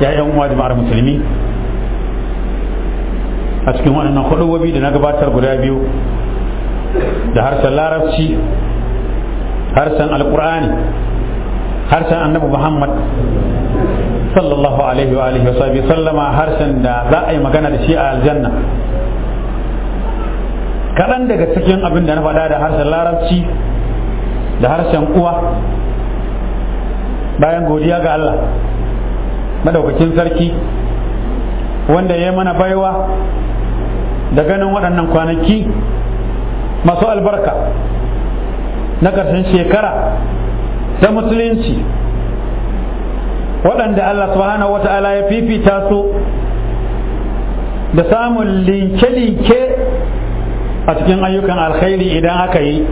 ya yan uwa jama'ar musulmi a cikin waɗannan hudubobi da na gabatar guda biyu da harshen larabci harshen alkur'ani harshen annabi muhammad sallallahu alaihi wa alihi wa sallama harshen da za a yi magana da shi a aljanna kaɗan daga cikin abin da na faɗa da harshen larabci da harshen uwa bayan godiya ga Allah madaukakin sarki wanda ya yi mana baiwa da ganin waɗannan kwanaki masu albarka na ƙarshen shekara ta musulunci waɗanda Allah subhanahu wa ta'ala ya fifita su da samun linke-linke a cikin ayyukan alkhairi idan aka yi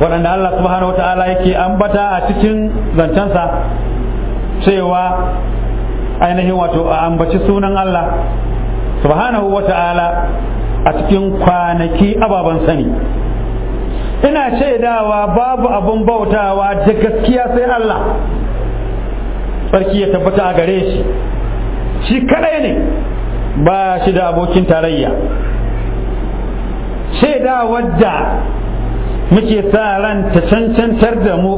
waɗanda Allah subhanahu wa ta'ala yake ambata a cikin zancensa cewa ainihin wato a ambaci sunan Allah subhanahu wa ta'ala a cikin kwanaki ababen sani ina shaidawa babu abin bautawa da gaskiya sai Allah sarki ya tabbata a gare shi shi kadai ne ba shi da abokin tarayya shaida wadda muke sa ran ta cancantar da mu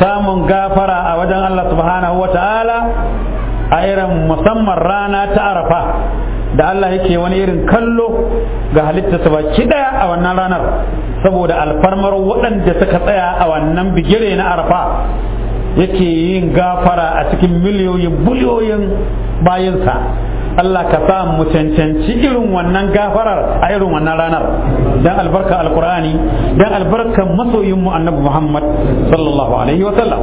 samun gafara a wajen Allah subhanahu wa ta'ala a irin musamman rana ta arafa da Allah yake wani irin kallo ga halittarsa baki daya a wannan ranar saboda alfarmar waɗanda suka tsaya a wannan bigire na arafa yake yin gafara a cikin miliyoyin buliyoyin bayansa Allah ka sa mu cancanci irin wannan gafarar a irin wannan ranar dan albarka alqur'ani dan albarka masoyin mu annabi Muhammad sallallahu alaihi wa sallam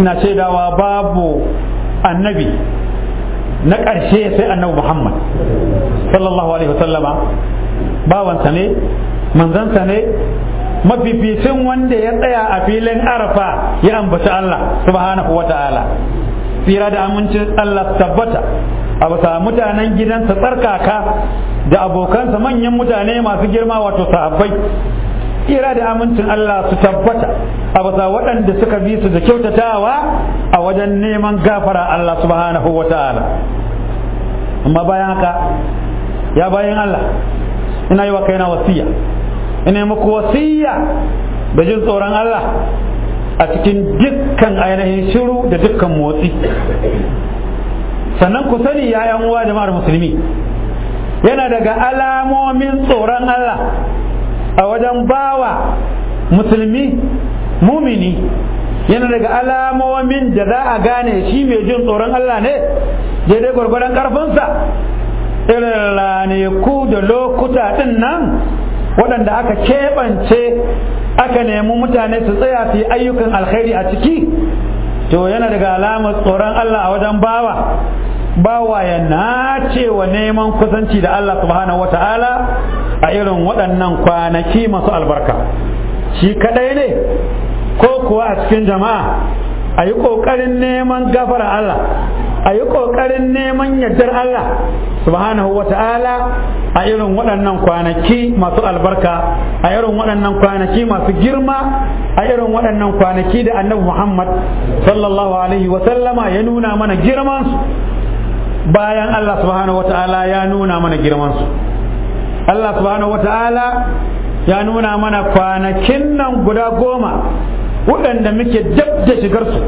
ina shaidawa babu annabi na ƙarshe sai annabi Muhammad sallallahu alaihi wa sallama bawansa ne manzansa ne mafificin wanda ya tsaya a filin arafa ya ambaci Allah subhanahu wa ta'ala tsira da amincin Allah tabbata a bisa mutanen gidansa tsarkaka da abokansa manyan mutane masu girma wato sahabbai kira da amincin Allah su tabbata a bisa waɗanda suka bi su da kyautatawa a wajen neman gafara Allah subhanahu wa ta'ala amma bayan haka ya bayan Allah ina yi wa kaina wasiya ina muku wasiya da jin tsoron Allah a cikin dukkan ainihin shiru da dukkan motsi sannan ku sani ya uwa uwa jama'ar musulmi yana daga alamomin tsoron Allah a wajen bawa musulmi mumini yana daga alamomin da za a gane shi mai jin tsoron Allah ne daidai gwargwaron karfinsa ne ranaku da lokuta ɗin nan waɗanda aka keɓance aka nemi mutane su tsaya su yi ayyukan alkhairi a ciki to yana daga alamar tsoron Allah a wajen bawa Ba ya nace wa neman kusanci da Allah subhanahu wata'ala a irin waɗannan kwanaki masu albarka shi kadai ne ko kuwa a cikin jama'a a yi ƙoƙarin neman gafara Allah a yi ƙoƙarin neman yardar Allah subhanahu wa ta'ala a irin waɗannan kwanaki masu albarka a irin waɗannan kwanaki masu girma a irin waɗannan kwanaki da annabi Muhammad sallallahu alaihi wa sallama ya nuna mana girmansu. bayan Allah subhanahu ta'ala ya nuna mana girmansu Allah subhanahu ta'ala ya nuna mana kwanakin nan guda goma waɗanda muke dab da su.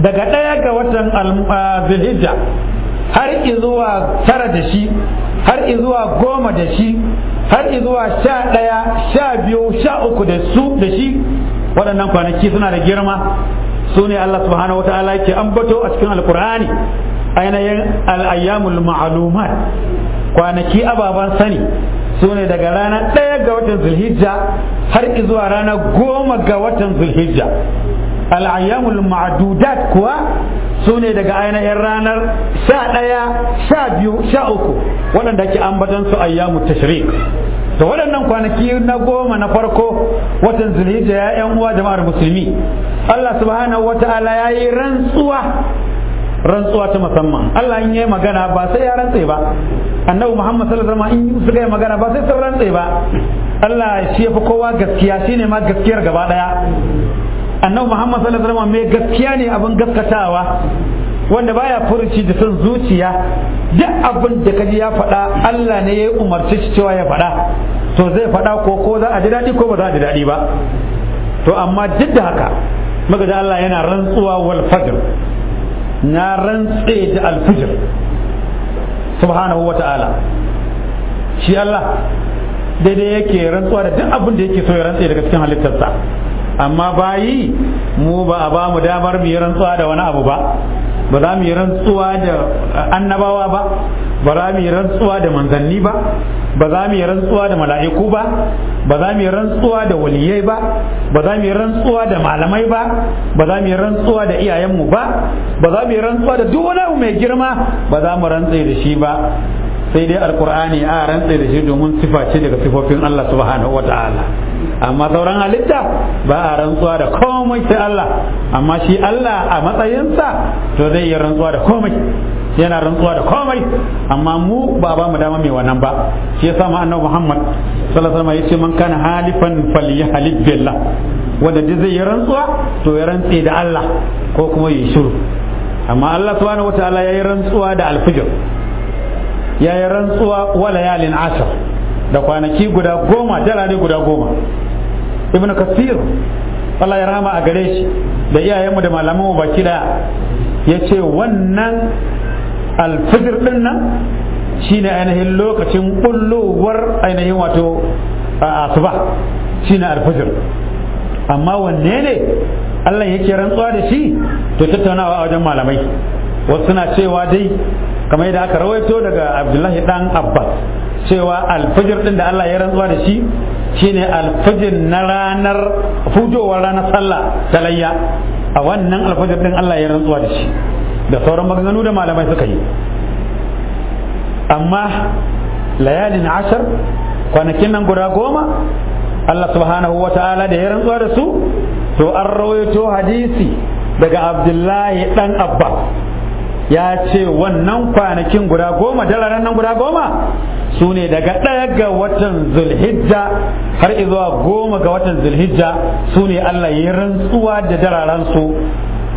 daga ɗaya ga watan uh, zulhijja har zuwa tara da shi har zuwa goma da shi har zuwa sha ɗaya sha biyu sha uku da su da shi waɗannan kwanaki suna da girma su ne Allah subhanahu wata'ala yake ambato a cikin alkur'ani ainihin al'ayyamul ma'alumat kwanaki ababen sani su ne daga rana ɗaya ga watan zulhijja har zuwa rana goma ga watan zulhijja al'ayyamul ma'adudat kuwa su ne daga ainihin ranar sha ɗaya sha biyu sha uku waɗanda ke ambatan su ayyamu tashrik to waɗannan kwanaki na goma na farko watan zulhijja ya yan uwa jama'ar musulmi Allah subhanahu ta'ala ya yi rantsuwa rantsuwa ta musamman Allah in yayi magana ba sai ya rantse ba annabi Muhammad sallallahu alaihi wasallam in suka yi magana ba sai sun rantse ba Allah shi yafi kowa gaskiya shine ma gaskiyar gaba daya annabi Muhammad sallallahu alaihi wasallam mai gaskiya ne abin gaskatawa wanda baya furuci da son zuciya duk abin da kaji ya faɗa Allah ne ya umarci shi cewa ya faɗa to zai faɗa ko ko za a ji daɗi ko ba za a ji daɗi ba to amma duk da haka magaji Allah yana rantsuwa wal fajr na rantse da alfijir subhanahu wa ta'ala shi Allah daidai yake rantsuwa da duk abin da yake so ya rantse daga cikin halittarsa amma bayi mu ba a ba mu damar mu yi rantsuwa da wani abu ba ba za mu yi rantsuwa da annabawa ba ba za mu yi rantsuwa da manzanni ba ba za mu yi rantsuwa da mala'iku ba ba za mu yi rantsuwa da waliyai ba ba za mu yi rantsuwa da malamai ba ba za mu yi rantsuwa da iyayenmu ba ba za mu yi rantsuwa da duk wani mai girma ba za mu rantse da shi ba sai dai alkur'ani a rantse da shi domin sifa ce daga sifofin Allah subhanahu wa ta'ala amma sauran halitta ba a rantsuwa da komai sai Allah amma shi Allah a matsayinsa to zai yi rantsuwa da komai yana rantsuwa da komai amma mu ba ba mu dama mai wannan ba shi yasa ma annabi Muhammad sallallahu alaihi wasallam yace man kana halifan falyahlib billah wanda duk zai yi rantsuwa to ya rantse da Allah ko kuma ya shiru amma Allah subhanahu wa ta'ala yayi rantsuwa da alfijir ya yi rantsuwa wala yalin asar da kwanaki guda goma da rani guda goma ibn kasir Allah ya rahama a gare shi da iyayenmu da malamanmu baki daya ya ce wannan alfijir din nan shine ainihin lokacin kullowar ainihin wato a asuba shine alfijir amma wanne ne Allah yake rantsuwa da shi to tattaunawa a wajen malamai wasu suna cewa dai kamar yadda aka rawaito daga abdullahi dan abbas cewa alfajir din da Allah ya rantsuwa da shi shine alfajir na ranar fujowar ranar sallah ta layya a wannan alfajir din Allah ya rantsuwa da shi da sauran maganganu da malamai suka yi amma layalin ashar kwanakin nan guda goma Allah subhanahu wa ta'ala da ya rantsuwa da su to an rawaito hadisi daga abdullahi dan abbas ya ce wannan kwanakin guda goma dalaran nan guda goma su ne daga ɗaya ga watan zulhijja har zuwa goma ga watan zulhijja su ne Allah ya rantsuwa da dalaran su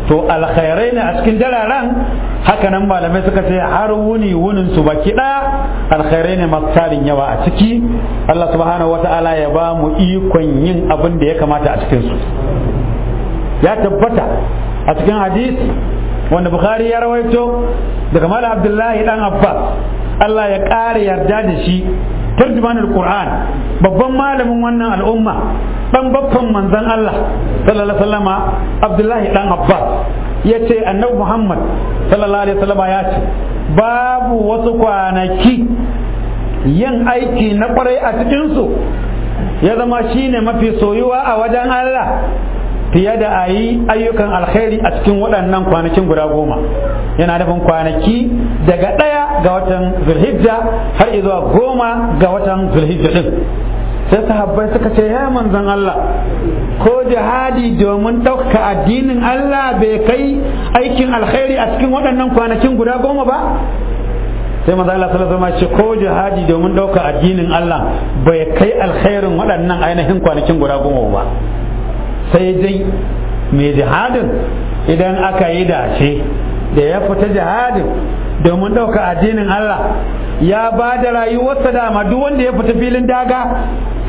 to alkhairai ne a cikin dalaran hakanan malamai suka ce har wuni wunin su baki ɗaya alkhairai ne masu tarin yawa a ciki Allah subhanahu wata'ala ya ba mu ikon yin abin da ya kamata a cikin ya tabbata a cikin hadisi wanda bukhari ya rawaito daga malam abdullahi dan abbas Allah ya ƙara yarda da shi tarjumanul qur'an babban malamin wannan al'umma dan babban manzon Allah sallallahu alaihi wasallama abdullahi dan abbas ce annabi muhammad sallallahu alaihi wasallama ya ce babu wasu kwanaki yin aiki na kwarai a cikinsu ya zama shine mafi soyuwa a wajen Allah fiye da a yi ayyukan alkhairi a cikin waɗannan kwanakin guda goma yana nufin kwanaki daga ɗaya ga watan zulhijja har zuwa goma ga watan zulhijja ɗin sai sahabbai suka ce ya manzan Allah ko jihadi domin ɗauka addinin Allah bai kai aikin alkhairi a cikin waɗannan kwanakin guda goma ba sai manzon Allah sallallahu alaihi wasallam ce ko jihadi domin ɗauka addinin Allah bai kai alkhairin waɗannan ainihin kwanakin guda goma ba sai dai mai jihadin idan aka yi dace da ya fita jihadin domin ɗauka addinin Allah ya ba da rayuwarsa dama duk wanda ya fita filin daga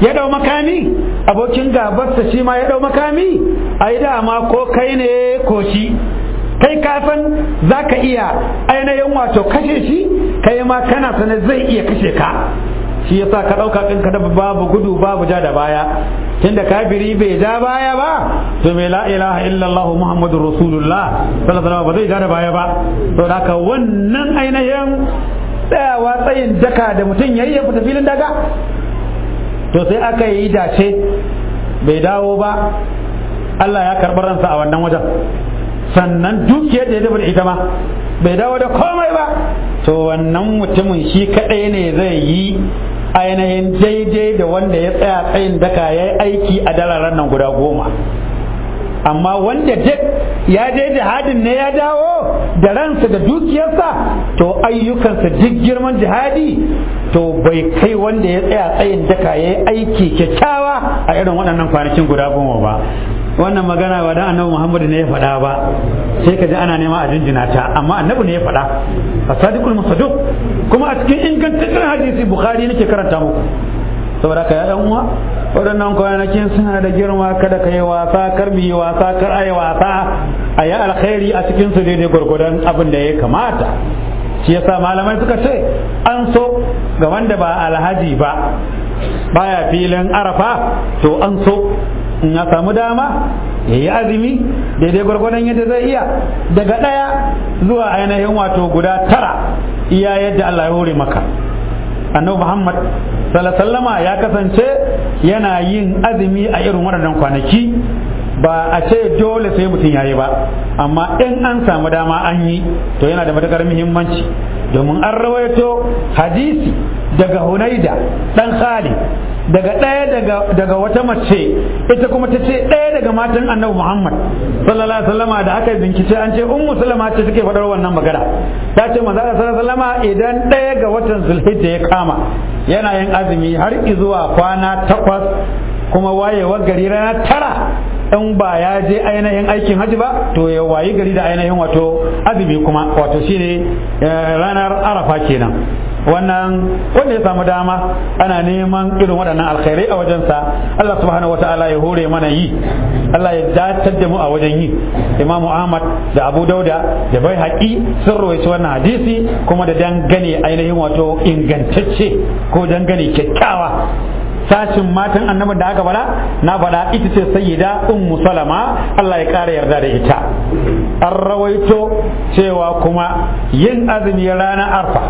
ya ɗau makami abokin gabarsa shi ma ya ɗau makami ai dama ko kai ne ko shi kai kafin za ka iya ainihin wato kashe shi kai ma kana sanar zai iya kashe ka shi yasa ka ɗauka ɗin ka babu gudu babu ja da baya tunda kafiri bai ja baya ba to mai la ilaha illallah muhammadur rasulullah sallallahu alaihi ba zai ja baya ba to haka wannan ainihin tsayawa tsayin daka da mutum yayi ya fita filin daga to sai aka yi dace bai dawo ba Allah ya karɓi ransa a wannan wajen sannan dukiyar da ya dafa ita ma bai dawo da komai ba to wannan mutumin shi kaɗai ne zai yi ainihin daidai da wanda ya tsaya tsayin daka ya yi aiki a dalaran nan guda goma amma wanda duk ya dai jihadin ne ya dawo da ransa da dukiyarsa to ayyukansa duk girman jihadi to bai kai wanda ya tsaya tsayin daka ya yi aiki kyakkyawa a irin waɗannan kwanakin guda goma ba wannan magana ba dan annabi Muhammad ne ya faɗa ba sai ka ji ana nema a jinjina ta amma annabi ne ya faɗa asadiqul musaddiq kuma a cikin ingantaccen hadisi bukhari nake karanta muku saboda ka ya dan uwa waɗannan kwanakin suna da girma kada ka yi wasa kar mu wasa kar ai wasa a yi alkhairi a cikin su daidai gwargwadon abin da ya kamata shi yasa malamai suka ce an so ga wanda ba alhaji ba baya filin arafa to an so in ya samu dama ya yi azumi daidai gwargwadon yadda zai iya daga ɗaya zuwa ainihin wato guda tara iya yadda Allah ya hore maka annabi Muhammad sallallahu ya kasance yana yin azumi a irin waɗannan kwanaki ba a ce dole sai mutum yayi ba amma in an samu dama an yi to yana da matukar muhimmanci domin an rawaito hadisi daga Hunaida dan Khalid daga ɗaya daga wata mace ita kuma ta ce ɗaya daga matan annabi Muhammad sallallahu alaihi wasallama da aka bincike an ce ummu salama ce take faɗar wannan magana ta ce manzo sallallahu alaihi wasallama idan ɗaya ga watan zulhijja ya kama yana yin azumi har zuwa kwana takwas kuma wayewar gari rana tara in ba ya je ainihin aikin haji ba to ya wayi gari da ainihin wato azumi kuma wato shine eh, ranar arafa kenan wannan wanda ya samu dama ana neman irin waɗannan alkhairai a wajensa Allah subhanahu wataala ya hore mana yi Allah ya datar da mu a wajen yi Imam Ahmad da Abu Dauda da bai haƙi sun rawaito wannan hadisi kuma da dangane ainihin wato ingantacce ko dangane kyakkyawa sashin matan annabin da aka bala na bala ita ce sayyida ummu salama Allah ya ƙara yarda da ita an rawaito cewa kuma yin azumi ranar arfa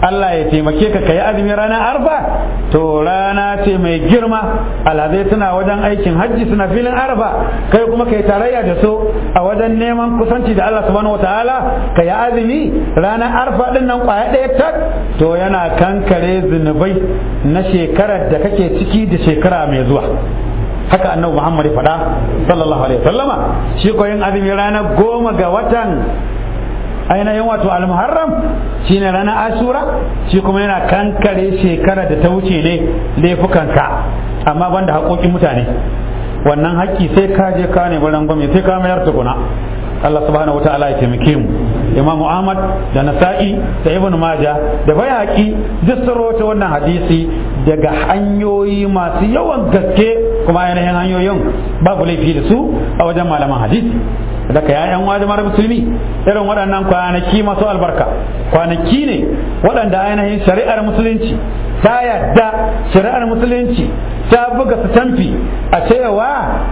Allah ya taimake ka kai azumi ranar arfa to rana ce mai girma alhazai suna wajen aikin hajji suna filin arfa kai kuma kai tarayya da su a wajen neman kusanci da Allah subhanahu wataala kai azumi ranar arfa din nan kwaya ɗaya tak to yana kankare zunubai na shekarar da kake ciki da shekara mai zuwa haka annabi Muhammad ya faɗa sallallahu alaihi wasallama shi yin azumi ranar goma ga watan ainihin wato al-muharram shine ranar asura shi kuma yana kankare shekara da ta wuce ne laifukanka amma banda haƙoƙin mutane wannan haƙƙi sai ka je ka ne baran gwamnati sai ka mayar tukuna Allah subhanahu ta'ala ya taimake mu Imam Ahmad da Nasa'i da Ibn Majah da Bayhaqi duk sun wannan hadisi daga hanyoyi masu yawan gaske kuma ainihin hanyoyin babu laifi da su a wajen malaman hadisi daga yayan wajen mara musulmi irin waɗannan kwanaki masu albarka kwanaki ne waɗanda ainihin shari'ar musulunci ta yadda shari'ar musulunci ta buga su tamfi a cewa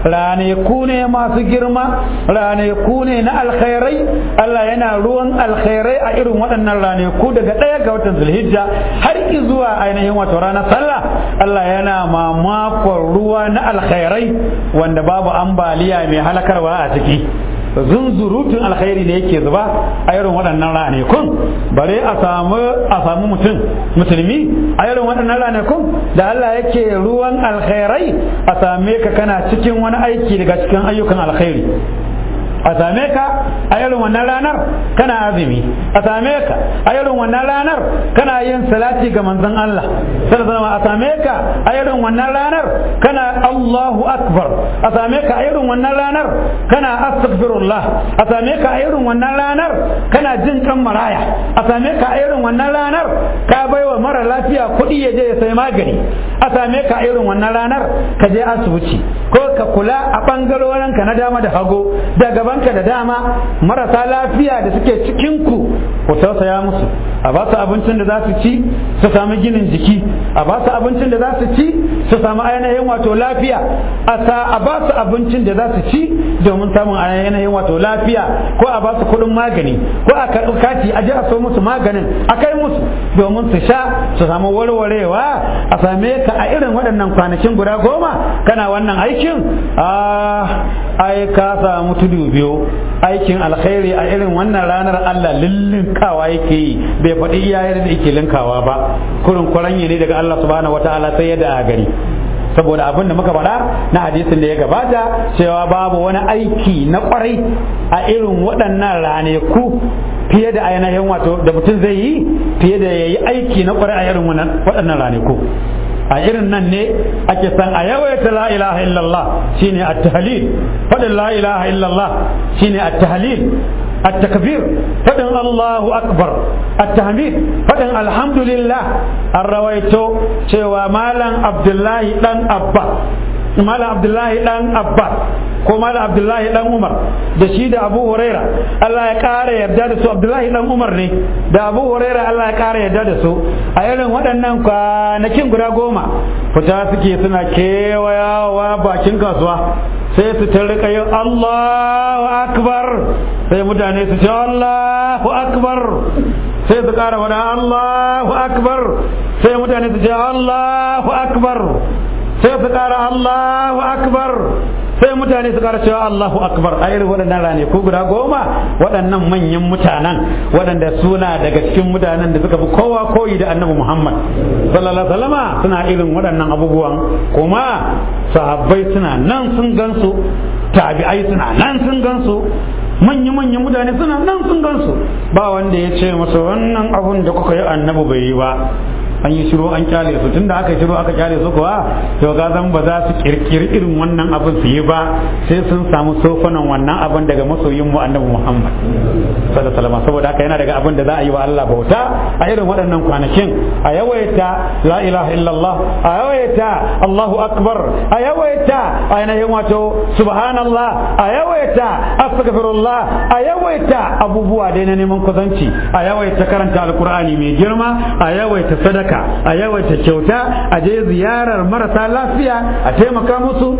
ranaku ne masu girma ranaku ne na alkhairai Allah yana ruwan alkhairai a irin waɗannan ranaku daga ɗaya ga watan zulhijja har ki zuwa ainihin wato ranar sallah Allah yana mamakon ruwa na alkhairai wanda babu ambaliya mai halakarwa a ciki zunzurutun alkhairi ne yake zuba a irin waɗannan ranakun bare a samu a samu mutum musulmi a irin waɗannan ranakun da Allah yake ruwan alkhairai a same ka kana cikin wani aiki daga cikin ayyukan alkhairi a same ka a irin wannan ranar kana azumi a same ka a irin wannan ranar kana yin salati ga manzon Allah sallallahu a same ka a irin wannan ranar kana Allahu akbar a same ka a irin wannan ranar kana astaghfirullah a same ka a irin wannan ranar kana jin kan maraya a same ka a irin wannan ranar ka baiwa mara lafiya kuɗi ya je ya sai magani a same ka a yi wannan ranar ka je asibiti ko ka kula a bangarorin ka na dama da hago da gaba ka da dama marasa lafiya da suke cikin ku tausaya musu a ba su abincin da za su ci su samu ginin jiki a ba su abincin da za su ci su samu ainihin wato lafiya a sa a ba su abincin da za su ci domin samun ainihin wato lafiya ko a ba su kuɗin magani ko a karɓi kati a je a so musu maganin a kai musu domin su sha su samu warwarewa a same ka a irin waɗannan kwanakin guda goma kana wannan aikin a ah, ai ka samu tudu biyo aikin alkhairi a irin wannan ranar Allah lillinkawa yake yi bai faɗi yadda da yake linkawa ba kurin kwaranye ne daga Allah subhanahu ta'ala sai yadda a gari saboda abin da muka faɗa na hadisin da ya gabata cewa babu wani aiki na kwarai a irin waɗannan ranaku fiye da ainihin wato da mutum zai yi fiye da ya yi aiki na kwarai a irin waɗannan ranaku a irin nan ne ake san a yawaita la ilaha illallah shine at tahlil fadin la ilaha illallah shine at tahlil at takbir fadin allahu akbar at tahmid fadin alhamdulillah a rawaito cewa malam abdullahi ɗan abba malam abdullahi dan abbas ko malam abdullahi dan umar da shi da abu huraira allah ya kara yarda da su abdullahi dan umar ne da abu huraira allah ya kara yarda da su a irin waɗannan kwanakin guda goma fita suke suna kewayawa bakin kasuwa sai su ta yin Allahu akbar sai mutane su ce Allahu akbar sai su kara wani Allahu akbar sai mutane su ce Allahu akbar sai su kara Allahu akbar sai mutane su ƙara cewa Allahu akbar a irin waɗannan rane ko guda goma waɗannan manyan mutanen waɗanda suna daga cikin mutanen da suka fi kowa koyi da annabi Muhammad sallallahu alaihi suna irin waɗannan abubuwan kuma sahabbai suna nan sun gansu tabi'ai suna nan sun gansu manya-manyan mutane suna nan sun gansu ba wanda ya ce masa wannan abun da kuka yi annabi bai yi ba an yi shiru an kyale su tunda aka shiru aka kyale su kuwa to ga zan ba za su kirkiri irin wannan abin su yi ba sai sun samu sofanan wannan abin daga masoyin mu annabi Muhammad sallallahu alaihi wasallam saboda haka yana daga abin da za a yi wa Allah bauta a irin waɗannan kwanakin a yawaita la ilaha illallah a yawaita Allahu akbar a yawaita ainihin wato subhanallah a yawaita astaghfirullah a yawaita abubuwa dai na neman kuzanci a yawaita karanta alkur'ani mai girma a yawaita sadaka a yawaita kyauta a je ziyarar marasa lafiya a taimaka musu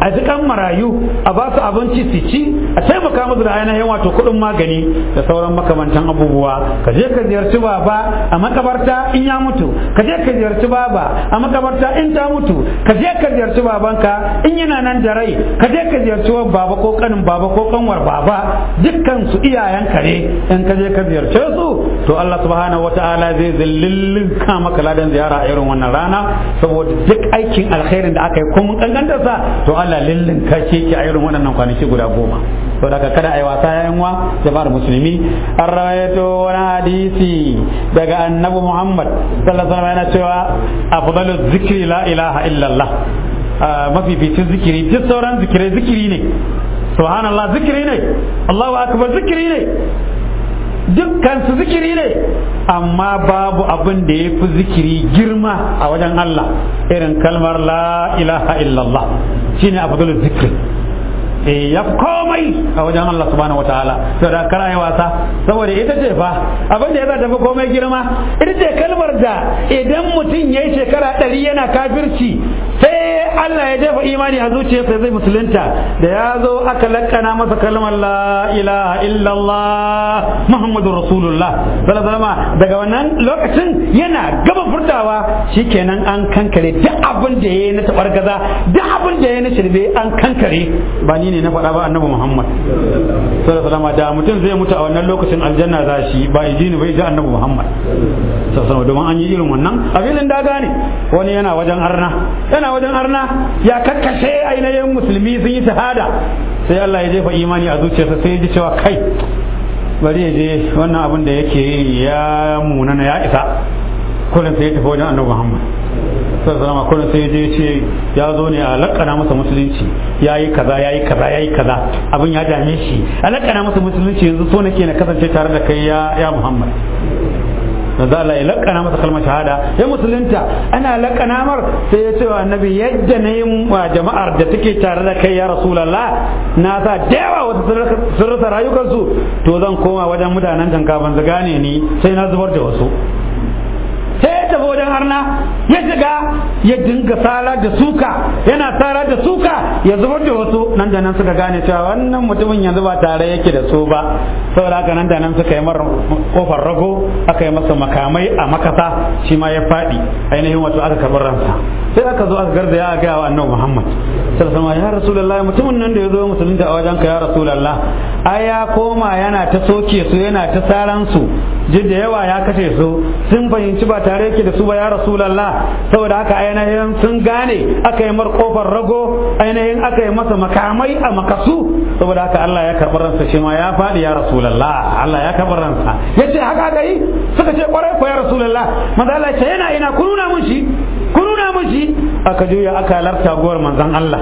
a ji kan marayu a ba su abinci su ci a taimaka musu da ainihin wato kuɗin magani da sauran makamantan abubuwa ka je ka ziyarci baba a makabarta in ya mutu ka je ka ziyarci baba a makabarta in ta mutu ka je ka ziyarci babanka in yana nan da rai ka je ka ziyarci wa baba ko kanin baba ko kanwar baba dukkan su iyayen kare in ka je ka ziyarci su to Allah subhanahu wataala zai zillillin ka maka ladan ziyara a irin wannan rana saboda duk aikin alkhairin da aka yi ko mun sa to Allah lillin kashe ki a irin waɗannan kwanaki guda goma saboda kada ai wasa yayin jama'ar musulmi an rawaito wani hadisi daga annabi Muhammad sallallahu alaihi yana cewa afdalu zikri la ilaha illallah ah, zikiri duk sauran zikiri ne subhanallah zikiri ne Allahu akbar zikiri ne dukkan su zikiri ne amma babu abin da ya fi zikiri girma a wajen Allah irin kalmar la ilaha illallah shine abdul zikri eh ya komai a wajen Allah subhanahu wataala saboda kar ai wasa saboda ita ce fa abin da ya tafi komai girma ita ce kalmar da idan mutum yayi shekara ɗari yana kafirci sai Allah ya jefa imani a zuciyarsa zai musulunta da ya zo aka lakana masa kalmar la ilaha illallah rasulullah daga wannan lokacin yana gaba furtawa shikenan an kankare duk abin da na tabargaza duk abin da yayi na shirbe an kankare ba ni ne na faɗa ba annabi muhammad da mutum zai mutu a wannan lokacin aljanna za shi ba idini bai ji annabi muhammad domin an yi irin wannan da gane wani yana wajen arna yana wajen arna rana ya kakkashe ainihin musulmi sun yi shahada sai Allah ya jefa imani a zuciyarsa sai ya ji cewa kai bari ya je wannan abin da yake yi ya munana ya isa kullum sai ya tafi wajen annabi Muhammad sallama kullum sai je ce ya zo ne a lakana masa musulunci ya yi kaza ya yi kaza ya yi kaza abin ya dame shi a lakana masa musulunci yanzu so nake na kasance tare da kai ya Muhammad manzo Allah ya lakana masa kalmar shahada ya musulunta ana lakana mar sai ya ce wa annabi yadda na yi wa jama'ar da take tare da kai ya rasulullah na sa da yawa wasu sun rasa rayukansu to zan koma wajen mutanen janka ban gane ni sai na zubar da wasu tafi wajen harna ya shiga ya dinga tsara da suka yana tsara da suka ya zubar da wasu nan da nan suka gane cewa wannan mutumin yanzu ba tare yake da su ba saboda haka nan da nan suka yi mara kofar rago aka yi masa makamai a makasa shi ma ya faɗi ainihin wato aka karɓar ransa sai aka zo aka garzaya a gaya wa annabi Muhammad sallallahu alaihi ya rasulullahi mutumin nan da ya zo musulunta a wajenka ya ai ya koma yana ta soke su yana ta saran su duk da yawa ya kashe su sun fahimci ba tare yake da su ba ya rasulullah saboda haka ainihin sun gane aka yi kofar rago ainihin aka yi masa makamai a makasu saboda haka Allah ya karɓi ransa shi ma ya faɗi ya rasulullah Allah ya karɓi ransa yace haka aka yi suka ce kwarai ko ya rasulullah manzo Allah ya ce yana ina kununa mun shi ku nuna aka juya aka larta gowar manzon Allah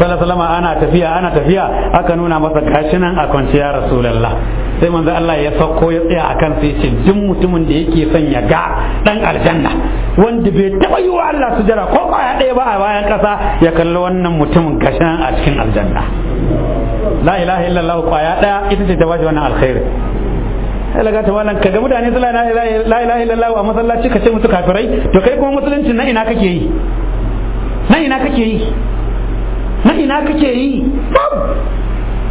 sallallahu ana tafiya ana tafiya aka nuna masa gashinan a kwanciya rasulullah sai manzon Allah ya sauko ya tsaya akan sai duk mutumin da yake son ya ga dan aljanna wanda bai taba yi wa Allah sujara ko kwaya ɗaya ba a bayan kasa ya kalli wannan mutumin gashinan a cikin aljanna la ilaha illallah kwaya ɗaya ita ce ta bashi wannan alkhairi laga ta malam kaga mutane suna la ilaha illallah a masallaci ka ce musu kafirai to kai kuma musulunci na ina kake yi na ina kake yi na ina kake yi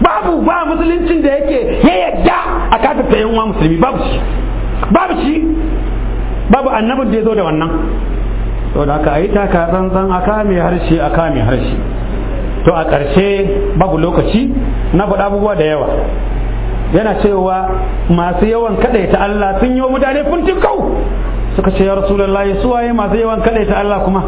babu ba musuluncin da yake ya yadda a kafin ta yan musulmi babu shi babu shi babu annabin da ya zo da wannan to da aka aita ka tsantsan a kame harshe a kame harshe to a ƙarshe babu lokaci na faɗa abubuwa da yawa yana cewa masu yawan kadaita Allah sun yi wa mutane kau suka ce ya rasulullahi suwaye masu yawan kadaita Allah kuma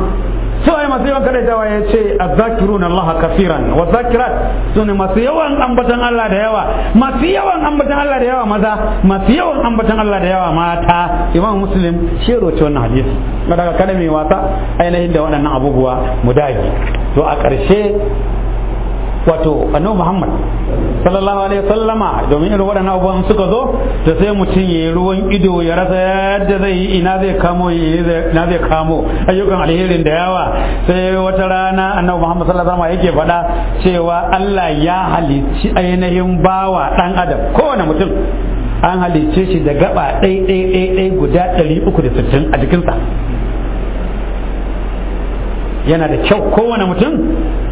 suwaye masu yawan kadaitawa ya ce azzakirun Allah kafiran wa zakirat su ne masu yawan ambatan Allah da yawa masu yawan ambatan Allah da yawa maza masu yawan ambatan Allah da yawa mata imam muslim shi roce wannan hadisi daga kada mai wasa ainihin da waɗannan abubuwa mu dage to a ƙarshe wato annabi muhammad sallallahu alaihi wasallama domin irin waɗannan abubuwan suka zo da sai mutum ya ruwan ido ya rasa yadda zai yi ina zai kamo ina zai kamo ayyukan alherin da yawa sai wata rana annabi Muhammad sallallahu alaihi yake faɗa cewa Allah ya halicci ainihin bawa ɗan adam kowane mutum an halicce shi da gaba ɗai ɗai ɗai guda ɗari uku da sittin a jikinsa yana da kyau kowane mutum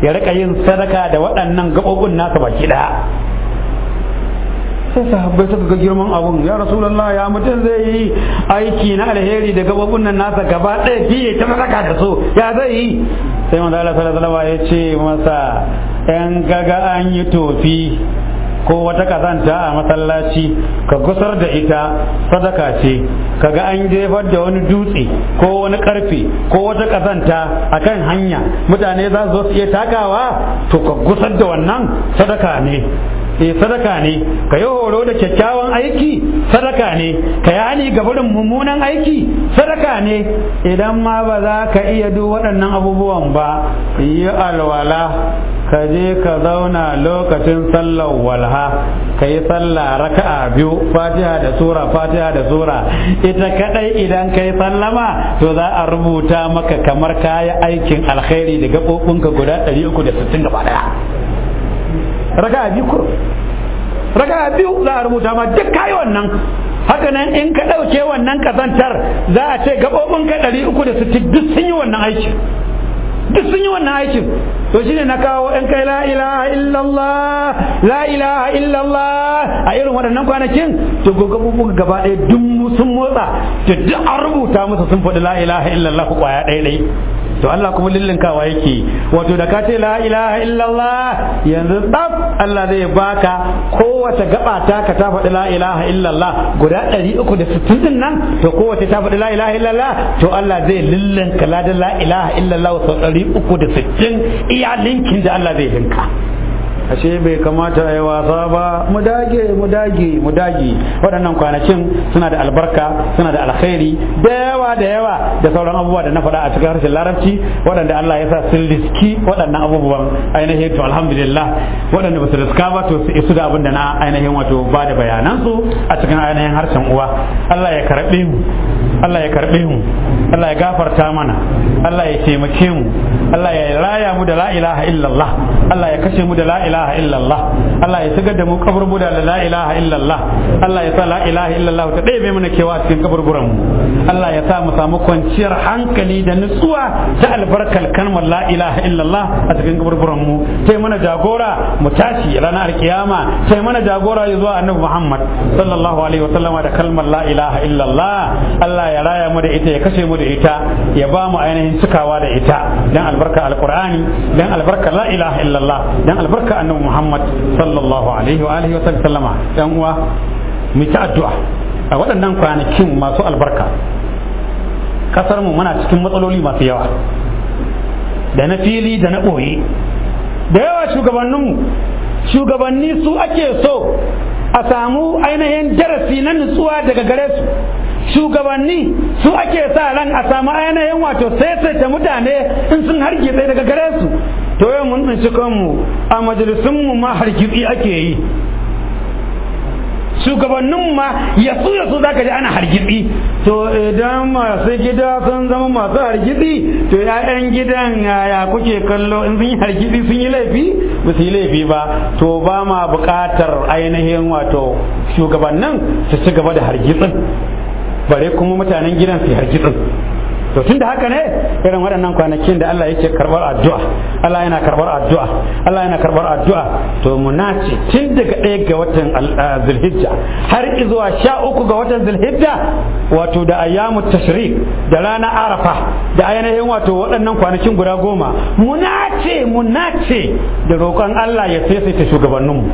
ya rika yin sadaka da waɗannan gaɓoɓin nasa baki ɗaya sai sahabbai suka ga girman abun ya rasulullah ya mutum zai yi aiki na alheri da gabobin nan nasa gaba ɗaya fiye ta sadaka da su ya zai yi sai manzo Allah ya ce masa yan gaga an yi tofi ko wata kazanta a masallaci ka gusar da ita sadaka ce kaga an jefar da wani dutse ko wani karfe ko wata kazanta kan hanya mutane za su iya takawa to ka gusar da wannan sadaka ne eh sadaka ne ka yi horo da kyakkyawan aiki sadaka ne ka yi hali ga barin mummunan aiki sadaka ne idan ma ba za ka iya duk waɗannan abubuwan ba yi alwala ka je ka zauna lokacin sallar walha ka yi sallah raka'a biyu fatiha da sura fatiha da sura ita kadai idan ka yi sallama to za a rubuta maka kamar kayi aikin alkhairi da gaɓoɓinka guda 361 gaba daya raka'a biyu kur raka'a biyu za a rubuta ma duk kai wannan haka nan in ka ɗauke wannan kazantar za a ce gabobin ka ɗari uku duk sun yi wannan aikin duk sun yi wannan aikin to shine na kawo in kai la ilaha illallah la ilaha illallah a irin waɗannan kwanakin to gaɓoɓin gaba ɗaya duk sun motsa to duk an rubuta musu sun faɗi la ilaha illallah kwaya ɗaya ɗaya to Allah kuma lillinkawa yake wato da ka ce la ilaha illallah yanzu tsaf Allah zai baka kowace gaba ta ka ta faɗi la ilaha illallah guda 360 din nan to kowace ta faɗi la ilaha illallah to Allah zai lillinka la ilaha illallah sau 360 iya linkin da Allah zai linka ashe bai kamata a yi wasa ba mu dage mu dage mu dage waɗannan kwanakin suna da albarka suna da alkhairi da yawa da yawa da sauran abubuwa da na faɗa a cikin harshen larabci waɗanda Allah ya sa sun riski waɗannan abubuwan ainihin to alhamdulillah waɗanda ba su riska ba to su isu da abin da na ainihin wato ba da bayanan su a cikin ainihin harshen uwa Allah ya karɓe mu Allah ya karɓe mu Allah ya gafarta mana Allah ya taimake mu Allah ya raya mu da la ilaha illallah Allah ya kashe mu da la ilaha illallah Allah ya shigar da mu kaburbu da la ilaha illallah Allah ya sa la ilaha illallah ta ɗaya mana kewa cikin kaburburan mu Allah ya sa mu samu kwanciyar hankali da nutsuwa ta albarkar kalmar la ilaha illallah a cikin kaburburan mu sai mana jagora mu tashi ranar alkiyama sai mana jagora zuwa annabi Muhammad sallallahu alaihi wa sallama da kalmar la ilaha illallah Allah ya raya mu da ita ya kashe mu da ita ya ba mu ainihin cikawa da ita dan albarka alqur'ani dan albarka la ilaha illallah illallah dan albarka annabi Muhammad sallallahu alaihi wa alihi wa sallama dan uwa mu ta addu'a a waɗannan kwanakin masu albarka kasar mu muna cikin matsaloli masu yawa da na fili da na ɓoye da yawa shugabanninmu shugabanni su ake so a samu ainihin darasi na nutsuwa daga gare su shugabanni su ake sa ran a samu ainihin wato sai ta mutane in sun harge hargitse daga gare su tsinci kanmu a majalisunmu ma hargitsi ake yi shugabannin ma ya su ya su za ka ji ana hargitsi to idan masu gida sun zama masu hargitsi to ya'yan gidan ya kuke kallo in sun yi hargitsi sun yi laifi ba su yi laifi ba to ba ma buƙatar ainihin wato shugabannin su ci gaba da hargitsin bare kuma mutanen gidan su hargitsin to tunda haka ne irin waɗannan kwanakin da Allah yake karɓar addu'a Allah yana karɓar addu'a Allah yana karɓar addu'a to mu nace tun daga ɗaya ga watan uh, Zulhijja har zuwa sha uku ga watan Zulhijja wato da ayyamu tashrik da rana Arafa da ainihin wato waɗannan kwanakin guda goma mu nace mu nace da roƙon Allah ya shugabannin shugabanninmu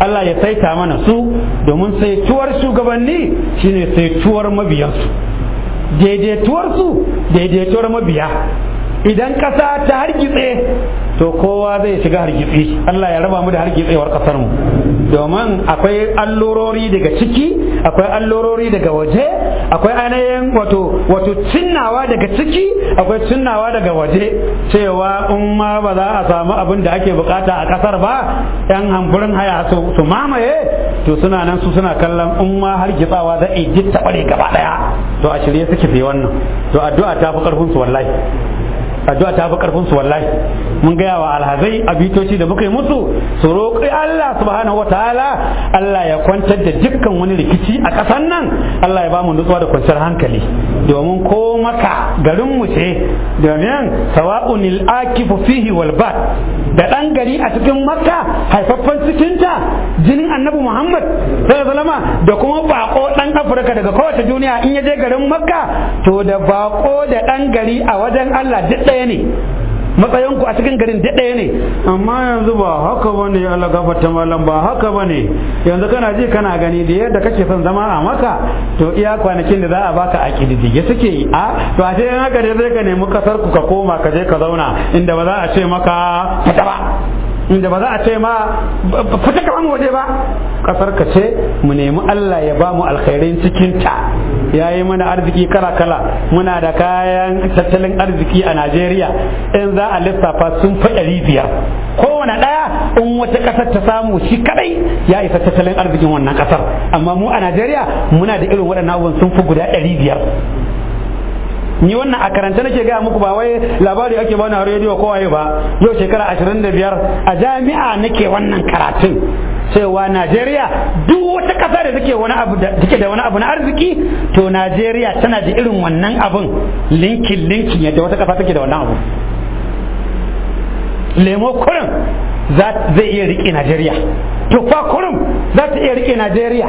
Allah ya saita mana su domin saituwar shugabanni shine saituwar mabiyansu daidaituwarsu daidaituwar mabiya idan ƙasa ta hargitse to kowa zai shiga hargitse Allah ya raba mu da hargitsewar kasar mu domin akwai allurori daga ciki akwai allurori daga waje akwai ainihin wato wato cinnawa daga ciki akwai cinnawa daga waje cewa in ma ba za a samu abin da ake bukata a kasar ba yan hamburin haya su mamaye to suna nan su suna kallon in ma har gitsawa za a yi gaba daya to a shirye suke fi wannan to addu'a ta fi karfin su wallahi addu'a ta fi karfin su wallahi mun gaya wa alhazai abitoci da muka yi musu su roƙi Allah subhanahu wataala Allah ya kwantar da dukkan wani rikici a ƙasar nan Allah ya ba mu nutsuwa da kwanciyar hankali domin ko maka garin mu ce domin sawa'un al-akifu fihi wal bad da dan gari a cikin makka haifaffen cikinta jinin annabi muhammad sallallahu da kuma bako dan afirka daga kowace duniya in ya je garin makka to da bako da dan gari a wajen Allah duk ɗaya ne matsayin a cikin garin da ɗaya ne amma yanzu ba haka bane Allah gafarta malam ba haka bane yanzu kana ji kana gani da yadda kake son zama a maka to iya kwanakin da za a baka a ƙididdige suke a to a na yana gari zai ka nemi kasar ku ka koma ka je ka zauna inda ba za a ce maka fita ba inda ba za a ce ma fita ka mu waje ba kasar ka ce mu nemi Allah ya ba mu alkhairin cikin ta yayi mana arziki kala kala muna da kayan tattalin arziki a Najeriya in za a lissafa sun fi ɗari biyar kowane ɗaya in wata ƙasar ta samu shi kadai ya isa tattalin arzikin wannan ƙasar amma mu a Najeriya muna da irin waɗannan abubuwan sun fi guda ɗari biyar ni wannan a karanta nake gaya muku ba wai labari ake bani a rediyo ko waye ba yau shekara ashirin da biyar a jami'a nake wannan karatun cewa Najeriya duk wata ƙasa da take wani abu da take da wani abu na arziki to Najeriya tana da irin wannan abun linkin linkin yadda wata ƙasa take da wannan abu lemo kurin zai iya rike Najeriya to fa kurin za ta iya rike Najeriya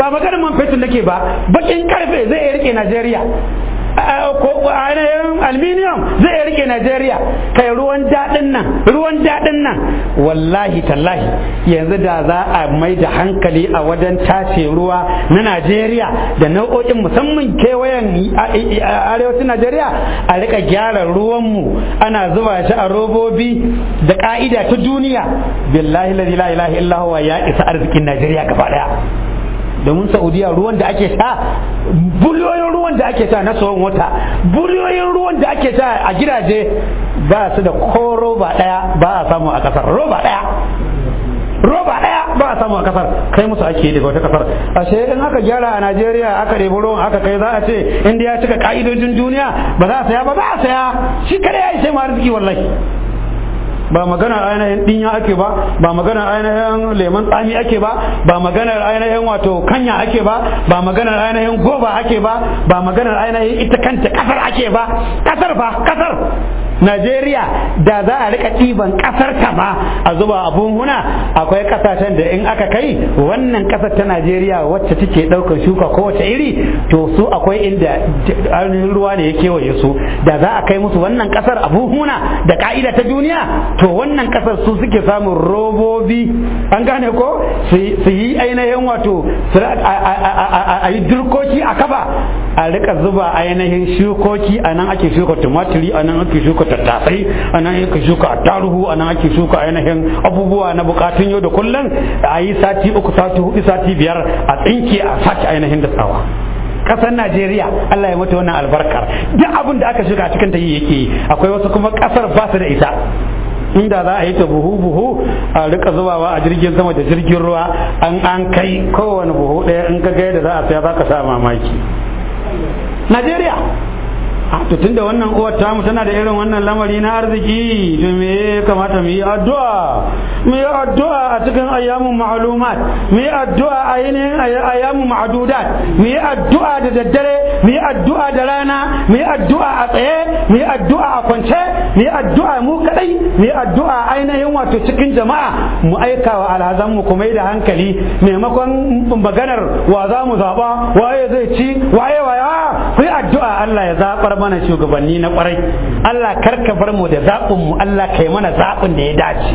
ba maganar man fetur nake ba bakin karfe zai iya rike Najeriya ko ainihin aluminium zai rike Najeriya kai ruwan daɗin nan ruwan daɗin nan wallahi tallahi yanzu da za a mai da hankali a wajen tace ruwa na Najeriya da nau'o'in musamman kewayen arewacin Najeriya a rika gyara ruwanmu ana zuba shi a robobi da ka'ida ta duniya billahi la ilaha illa huwa ya isa arzikin Najeriya gaba ɗaya domin saudiya ruwan da ake sha buliyoyin ruwan da ake sha na tsawon wata buliyoyin ruwan da ake sha a gidaje ba su da ko roba daya ba a samu a kasar roba daya roba daya ba a samu a kasar kai musu ake yi daga wata kasar ashe in aka gyara a Najeriya aka ɗebi ruwan aka kai za a ce inda ya cika ka'idojin duniya ba za a saya ba za a saya shi kada ya sai ma arziki wallahi ba magana ainihin dinya ake ba ba magana ainihin leman tsami ake ba ba magana ainihin wato kanya ake ba ba magana ainihin goba ake ba ba magana ainihin ita kanta kasar ake ba kasar ba kasar Najeriya da za a rika ɗiban ƙasar ta ma a zuba abun huna akwai ƙasashen da in aka kai wannan ƙasar ta Najeriya wacce take ɗaukar shuka ko kowace iri to su akwai inda arnin ruwa ne ya kewaye su da za a kai musu wannan ƙasar a buhuna da ka'ida ta duniya to wannan ƙasar su suke samun robobi an gane ko su yi ainihin wato a yi durkoki a kafa a rika zuba ainihin shukoki a nan ake shuka tumatiri a nan ake shuka tattasai a nan yake shuka taruhu a nan ake shuka ainihin abubuwa na bukatun yau da kullum a yi sati uku sati hudu sati biyar a tsinke a sake ainihin da tsawa kasar Najeriya Allah ya mata wannan albarkar duk abin da aka shiga cikin ta yi yake akwai wasu kuma kasar ba su da ita inda za a yi ta buhu buhu a rika zubawa a jirgin sama da jirgin ruwa an an kai kowane buhu ɗaya in ka ga yadda za a saya za ka sha mamaki Najeriya to tunda wannan uwar ta mu tana da irin wannan lamari na arziki to me ya kamata mu yi addu'a mu yi addu'a a cikin ayyamun ma'lumat mu yi addu'a a yanayin ayyamun ma'dudat mu yi addu'a da daddare mu yi addu'a da rana mu yi addu'a a tsaye mu yi addu'a a kwance mu yi addu'a mu kadai mu yi addu'a ainihin wato cikin jama'a mu aika wa alhazan mu kuma da hankali maimakon maganar wa za mu zaba waye zai ci waye waye ku yi addu'a Allah ya zabar mana mana shugabanni na kwarai Allah karka bar mu da zaɓin mu Allah ka yi mana zaɓin da ya dace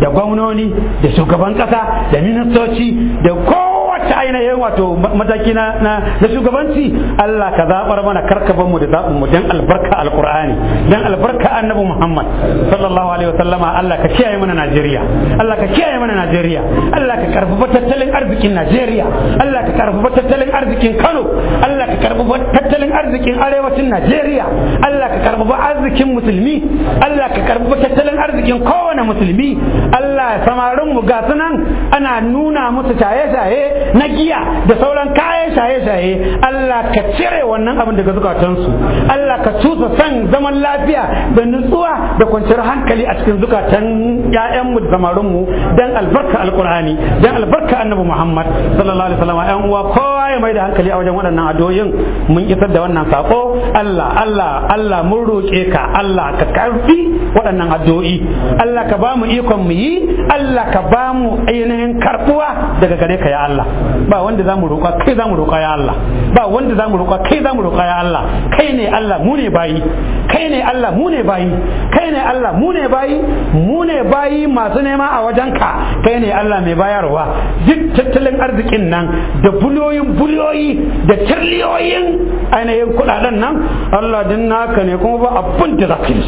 da gwamnoni da shugaban ƙasa da ministoci da kowa kowace ainihin wato mataki na na shugabanci Allah ka zabar mana karkabar mu da zabin mu dan albarka alqur'ani dan albarka annabi Muhammad sallallahu alaihi wasallama Allah ka kiyaye mana Najeriya Allah ka kiyaye mana Najeriya Allah ka karfafa tattalin arzikin Najeriya Allah ka karfafa tattalin arzikin Kano Allah ka karfafa tattalin arzikin arewacin Najeriya Allah ka karfafa arzikin musulmi Allah ka karfafa tattalin arzikin kowane musulmi Allah samarin mu ga sunan ana nuna musu shaye-shaye na giya da sauran kayan shaye-shaye Allah ka cire wannan abin daga zukatansu Allah ka cusa san zaman lafiya da nutsuwa da kwanciyar hankali a cikin zukatan ƴaƴanmu da samarinmu dan albarka alqur'ani dan albarka annabi Muhammad sallallahu alaihi wasallam ƴan uwa kowa ya mai da hankali a wajen waɗannan adoyin mun isar da wannan sako Allah Allah Allah mun roƙe ka Allah ka karfi waɗannan addu'o'i Allah ka ba mu ikon mu yi Allah ka ba mu ainihin karɓuwa daga gare ka ya Allah ba wanda zamu roƙa kai zamu roƙa ya Allah ba wanda zamu roƙa kai zamu roƙa ya Allah kai ne Allah mu ne bayi kai ne Allah mu ne bayi kai ne Allah mu ne bayi mu ne bayi masu nema a wajenka kai ne Allah mai bayarwa duk tattalin arzikin nan da buloyin buloyi da tirliyoyin ainihin kuɗaɗen nan Allah din naka ne kuma ba abin da zaka yi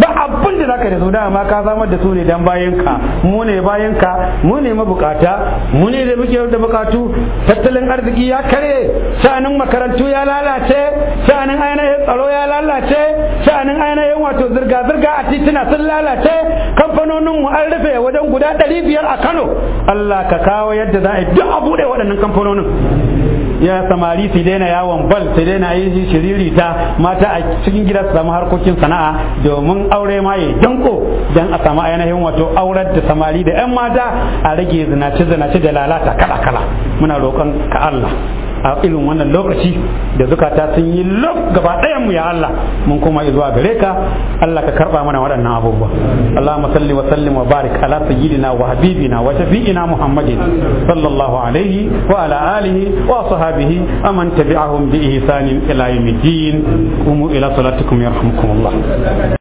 ba abin da zaka da su dama ka samar da su ne dan bayan ka mu ne bayan ka mu ne mabukata mu ne da muke da bukatu tattalin arziki ya kare sanin makarantu ya lalace sha'anin ainihin tsaro ya lalace sha'anin ainihin wato zirga zirga a tituna sun lalace kamfanonin mu an rufe wajen guda ɗari biyar a Kano Allah ka kawo yadda za a yi duk a buɗe waɗannan kamfanonin ya samari su daina yawon bal su daina yin shiriri ta mata a cikin gida su samu harkokin sana'a domin aure ma ya janko dan a samu ainihin wato aurar da samari da 'yan mata a rage zinace zinace da lalata kala kala muna roƙon ka Allah a irin wannan lokaci da zukata sun yi lob gaba ɗayan mu ya Allah mun koma zuwa gare ka Allah ka karba mana waɗannan abubuwa Allahumma salli wa sallim wa barik ala sayyidina wa habibina wa shafi'ina Muhammadin sallallahu alaihi wa ala alihi wa sahbihi wa man tabi'ahum bi ihsanin ila yawmiddin qumu ila salatikum yarhamukumullah